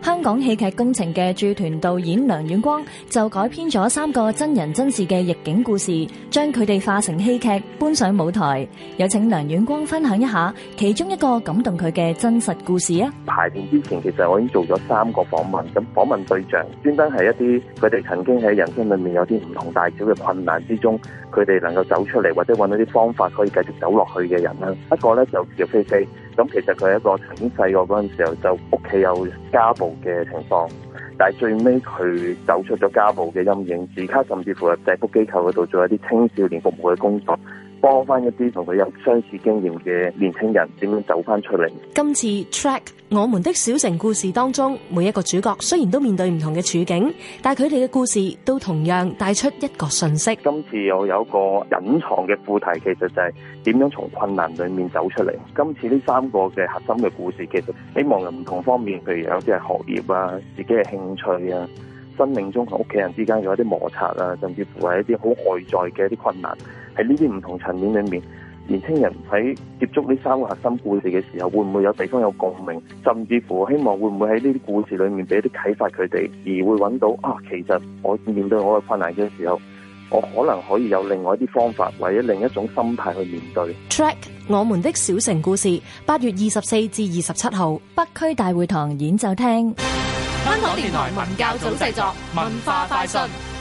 香港戲劇工程嘅駐團導演梁遠光就改編咗三個真人真事嘅逆境故事，將佢哋化成戲劇搬上舞台。有請梁遠光分享一下其中一個感動佢嘅真實故事啊！排練之前，其實我已經做咗三個訪問，咁訪問對象專登係一啲佢哋曾經喺人生裏面有啲唔同大小嘅困難之中，佢哋能夠走出嚟或者揾到啲方法可以繼續走落去嘅人啦。一個咧就叫飛飛。咁其實佢係一個曾經細個嗰陣時候，就屋企有家暴嘅情況，但係最尾佢走出咗家暴嘅陰影，而家甚至乎喺社福機構嗰度做一啲青少年服務嘅工作。幫翻一啲同佢有相似經驗嘅年輕人，點樣走翻出嚟？今次 track 我們的小城故事當中，每一個主角雖然都面對唔同嘅處境，但係佢哋嘅故事都同樣帶出一個信息。今次我有一個隱藏嘅副題，其實就係點樣從困難裏面走出嚟。今次呢三個嘅核心嘅故事，其實希望喺唔同方面，譬如有啲係學業啊、自己嘅興趣啊、生命中同屋企人之間有一啲摩擦啊，甚至乎係一啲好外在嘅一啲困難。喺呢啲唔同層面裏面，年輕人喺接觸呢三個核心故事嘅時候，會唔會有地方有共鳴？甚至乎希望會唔會喺呢啲故事裏面俾一啲啟發佢哋，而會揾到啊，其實我面對我嘅困難嘅時候，我可能可以有另外一啲方法，或者另一種心態去面對。Track 我們的小城故事，八月二十四至二十七號北區大會堂演奏廳。香港電台文教組製作文化快訊。